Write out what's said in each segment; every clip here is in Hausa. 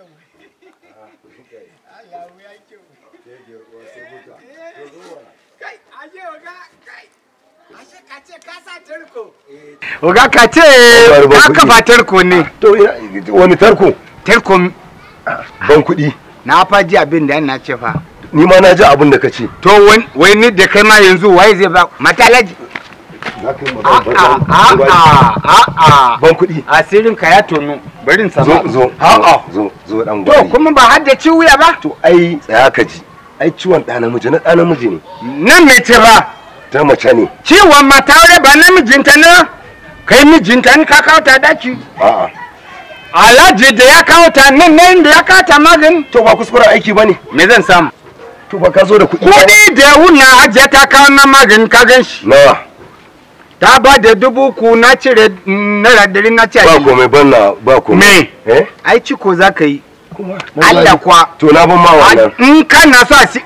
kyau ah, ya ke kai aje oga kai ashe ka ce tarko eh. ka kafa tarko ne ah, to wani tarko tarko ah, ban kuɗi na fa ji abin da na ce fa ni ma na ji abin da ka ce to wani wani da kai ma yanzu waye zai ba matalaji ban kuɗi asirin ka ya tonu barin sama zo zo zo dan gwani to kuma ba har da ci wuya ba to ai tsaya ka ji ai ciwon ɗa namiji na ɗa namiji ne nan ce ba ta mace ne ciwon mata wai ba namijinta na kai mijinta in ka kawo ta daki a'a alhaji da ya kawo ta nan nan da ya kawo ta magani to ba kuskuren aiki ba ne. me zan samu to ba ka zo da kuɗi kuɗi da wuna ajiya ta kawo na magani ka gan shi nawa ta ba da dubu ku na cire mm, naira dari na cire ba komai na ba komai me eh ai ciko za ka yi Allah kwa to na ban ma wannan in kana sa si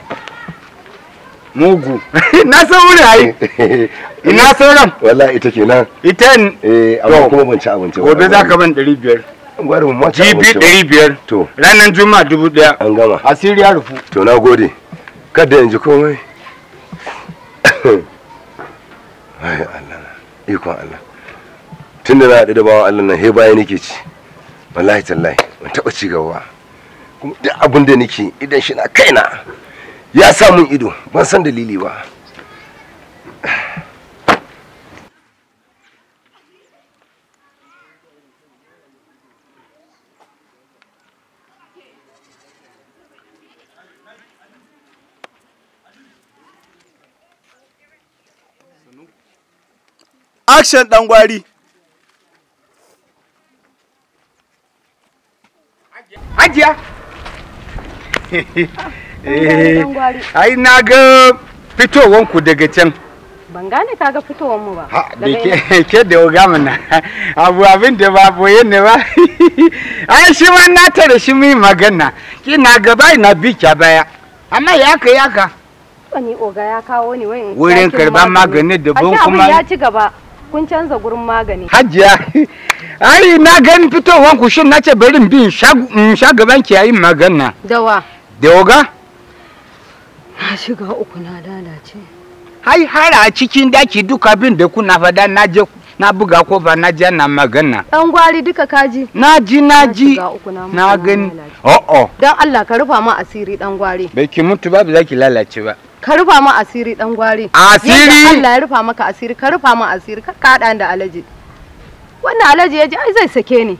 mugu na san wurin ai ina ran wallahi ita kenan ita eh amma kuma ban ci abinci gobe za ka ban 500 gwarin mata abinci GB 500 to ranan juma 1000 an gama asiri ya rufu to na gode kada yanzu komai ai Allah ikon Allah tun da na haɗu da bawan Allah nan he baya nake ci wallahi tallahi ban taɓa ci gaba kuma duk abin da nake idan shi na kaina ya sa mun ido ban san dalili ba action dan gwari hajiya eh, ai na ga fitowanku daga can ban gane ka ga fitowar mu ba da ke da oga na abu abin da ba boye ne ba ai shi ma na tare shi mi magana ki kina gaba ina bi kya baya amma ya ka ya ka wani oga ya kawo ni wai wurin karban maganin da bon kuma ya ci gaba kun canza gurin magani. Hajiya, ai na gani fitowar ku shin nace bari in bi in sha gaban ki yayin magana. Dawa. Dawoga? Na shiga uku na lalace. Hai hara a cikin daki duka bin da kuna fada na je na buga kofa na je na magana. Dan gwari duka kaji. Na ji na ji. Na gani. Oh oh. Dan Allah ka rufa mu asiri dan gwari. Bai ki mutu ba ba za ki lalace ba. ka rufa ma asiri dan gwari asiri Allah ya rufa maka asiri ka rufa ma asiri ka kada da alaji wannan alaji ya ji ai zai sake ni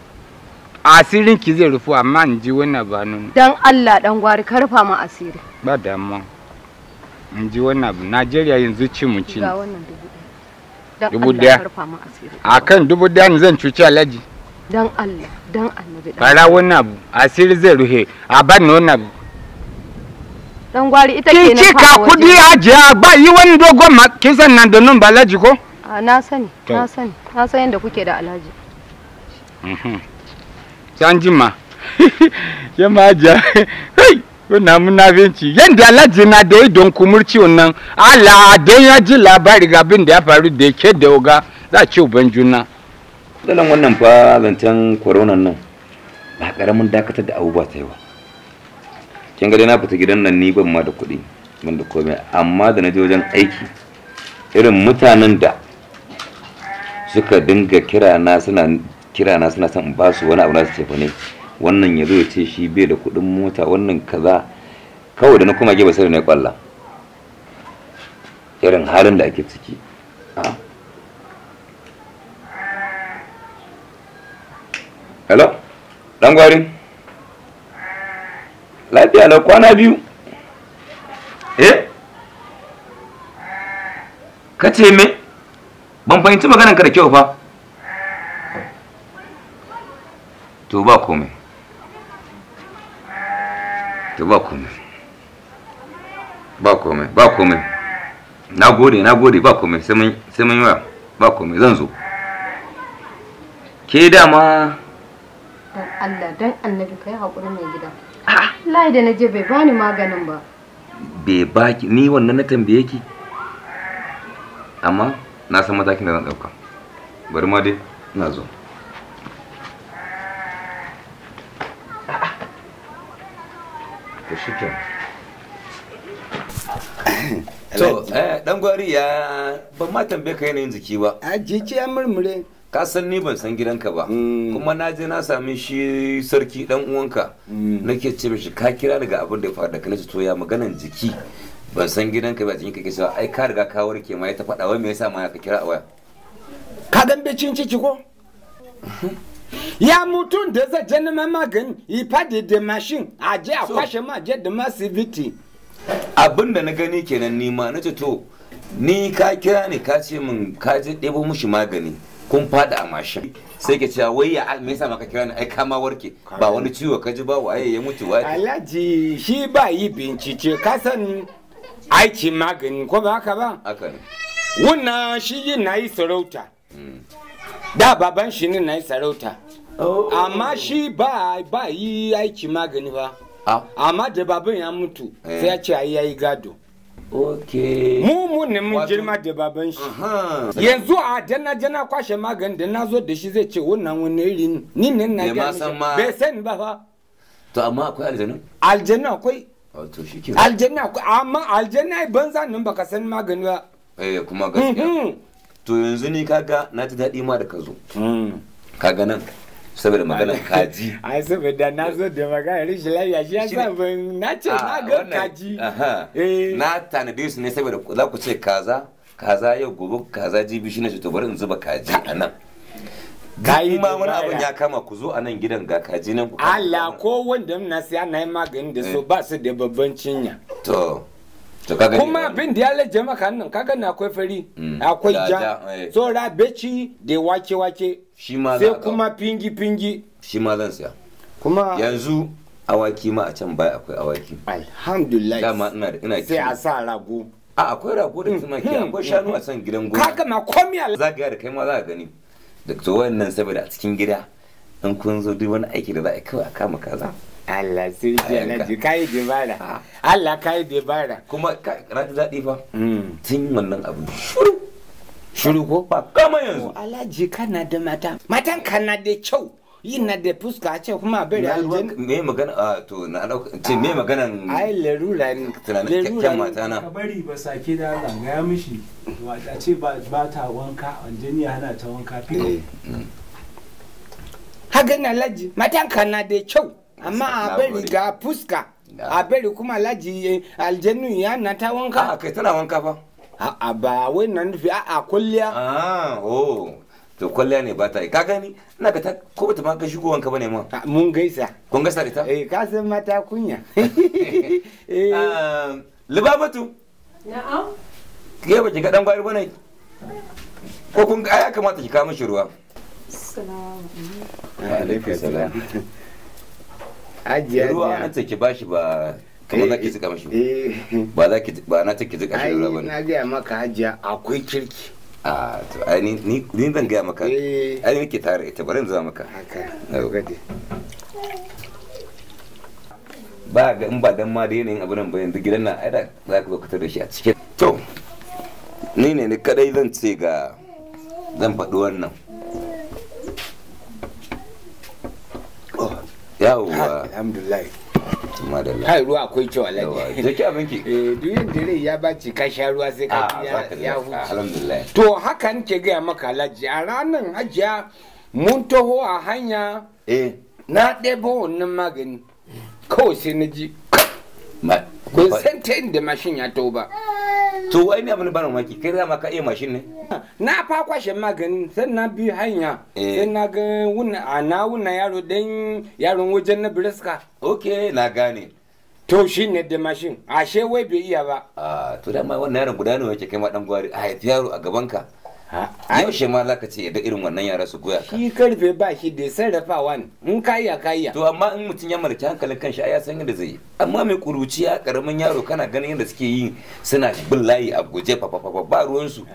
asirin ki zai rufu amma in ji wannan ba nuna dan Allah dan gwari ka rufa ma asiri ba damuwa in ji wannan abu Najeriya yanzu ci mu ci ga wannan dubu daya a kan dubu daya ne zan cuci alaji dan Allah dan annabi fara wannan abu asiri zai ruhe a ban wannan abu Dan gwari ita ke Kin ka kudi ajiya ba yi wani dogon ma kin san nan da nun ba Alhaji ko? A na sani, na sani, na san yadda kuke da Alhaji. Mhm. San Ya ma Hey, wannan Yanda Alhaji na da yi don kumurci wannan. Allah don ya ji labari ga abin da ya faru da ke da oga za a ci uban juna. Dalan wannan fa zancen corona nan ba karamin dakatar da abubuwa ta yi ba. kin ga dai na fita gidan nan ni ban ma da kuɗi ban da komai amma da na je wajen aiki irin mutanen da suka dinga kira na suna kira na suna son ba su wani abu na su tafi ne wannan ya zo ya ce shi bai da kuɗin mota wannan kaza kawai da na kuma gefe sai na kwalla irin halin da ake ciki ah. hello Don't worry. lafiya da kwana biyu eh ka ce me ban fahimci maganin ka da kyau ba to ba komai to ba komai ba komai ba komai na gode na gode ba komai sai mun yi wa ba komai zan zo ke dama don Allah don annabi ka yi haƙuri mai gida Lai da naje bai bani maganin ba. Bai baki ni wannan na tambaye ki. Amma na san matakin da zan dauka. Bari ma dai ina zo. To shike. To, eh dan gwari ya ban ma tambaye ka yanayin jiki ba. A jiki ya murmure. ka san ni ban san gidanka ba mm. kuma na je na sami shi sarki dan uwanka mm. nake ce mishi ka kira daga abin da ya faru da kana to ya maganan jiki ban san gidanka ba cikin kake cewa ai ka riga ka warke ma ya ta faɗa wai me yasa ma ka kira a waya ka gan becin ciki ko ya mutum da zai je neman magani ya fadi da mashin a je a kwashe ma je da masibiti abin da na gani kenan nima na ce to ni ka kira ne ka ce min ka je ɗebo mushi magani kun fada a mashin sai ke cewa wai ya me yasa maka kira ni ai kama warke ba wani ciwo ka ji ba waye ya mutu wa Alhaji shi ba yi bincike ka san aiki magani ko ba haka ba haka ne wannan shi yin nayi sarauta hmm. da baban shi ne nayi sarauta oh. amma shi ba ba yi aiki magani ba ah. amma da baban ya mutu eh. sai ya ce ai yayi gado mu ne mun girma da baban shi yanzu a dana jana kwashe magani da na zo da shi zai ce wannan wani iri ni ne na gani bai sani ba fa to amma akwai aljanu aljanu akwai aljanu akwai amma aljanu banza nan baka san magani ba eh kuma gaskiya mm-hmm. to yanzu ni kaga na ji daɗi ma da ka zo mm. kaga nan saboda maganar kaji ai saboda na zo da maganar rishi lafiya shi yasa ban na ce ah, na ga kaji eh. na tanade su ne saboda za ku ce kaza kaza yau gobe kaza jibi shi ce to bari in zuba kaji a nan kayi ma wani abin ya kama ku zo a nan gidan ga kaji nan ku Allah ko wanda muna siya na yi maganin da so eh. ba su da babban cinya to kuma abin da ya laje maka nan kaga na akwai fari mm. akwai ja eh. so rabeci da wake wake sai kuma pingi pingi shi ma zan siya kuma yanzu awaki ma a can bai akwai awaki alhamdulillah dama ina da ina sai a sa rago a akwai rago da kuma ki hmm, akwai hmm, shanu a san hmm. gidan gona kaga ma komai za ga da kai ma za ka gani da to wayannan saboda a cikin gida in kun zo duk wani aiki da za a yi kawai a kama kaza Allah sai sirki alhaji kayi dabara Allah kayi dabara kuma ranar daɗi ba hmm. tun wannan abu shuru shuru ko ba kama yanzu oh, alhaji kana da mata matan kana da kyau yin na da fuska ce kuma bari aljin me magana a to na ce me ah. magana ai larura ne tunanin kyakkyan mata na ka bari ba sake da Allah ga ya mishi a ce ba ta wanka anjin ya hana ta wanka fi eh, hmm. hagan alhaji matan kana da kyau amma a bari ga fuska a bari kuma laji eh, aljannu ya na ta wanka a kai tana wanka fa a ba wai na nufi a a kulliya ah oh to kulliya ne ba ta yi ka gani ina ka ta ko ba ta ka shigo wanka ba ne ma mun gaisa kun gaisa da ta eh ka san mata kunya eh libabatu na'am ke ba ki ga dan gwari bane ko kun ga ya kamata ki kawo mishi ruwa assalamu alaikum alaikum ajiya ruwa na take shi ba kamar za ki eh, zika mashi eh. ba za ki ba na take zika shi ruwa bane na ga maka hajiya akwai kirki a to ai ni ni zan ga maka eh. ai nake tare ita bari zama maka haka gode ba ga in ba dan ma da yanayin abin nan ba yanzu gidan nan ai da za ka zo da shi a cikin to ni ne ni kadai zan ce ga zan faɗi wannan yawwa alhamdulillah madalla kai ruwa akwai kyau alaji jiki abinki eh duk yanda rai ya baci ka sha ruwa sai ka ah, ya huce to haka nake gaya maka alaji a ranar ajiya mun taho a hanya eh. na ɗebo wannan magani kawai sai na ji kun san ta inda mashin ya taho ba to wai ne abin ban mamaki kai za ma ka iya mashin ne na fa kwashe maganin sai na bi hanya eh. sai na ga wuna a wuna yaro dan yaron wajen na briska okay na gane to shi ne da mashin ashe wai bai iya ba to ah, to dama wannan yaron guda yake kai ma dan gwari ah, a yaro a gaban ka yaushe ma za ka ce da irin wannan yara su goya ka shi karfe ba shi da sarrafawa ne mun kayya kayya to amma in mutum ya marki hankalin kanshi a ya san yadda zai yi amma mai kuruciya karamin yaro kana ganin yadda suke yi suna bin layi a guje fafafafa ba ruwansu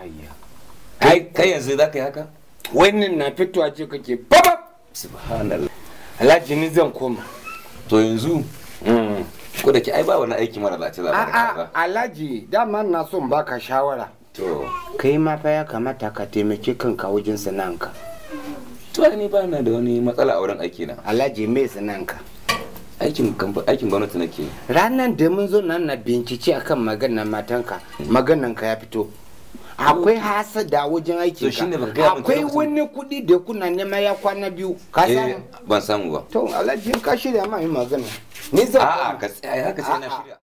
kai yanzu za ka yi haka wannan na fitowa ce kake babab subhanallah alhaji ni zan koma to yanzu mm. ko da ke ai ba wani aiki mara lati za ka alhaji dama na son baka shawara to kai ma fa ya kamata ka taimaki kanka wajen sana'anka to ni ba na da wani matsala a wurin aiki na alhaji me sana'anka aikin aikin gwamnati nake ranan da mun zo nan na bincike akan maganar matanka hmm. maganar ka ya fito akwai hasada wajen aiki ka akwai wani kuɗi da kuna nema ya kwana biyu ka eh, samu ban samu ba to alhaji ka shirya ma yi magana ni zan. a ka tsaya ka tsaya na shirya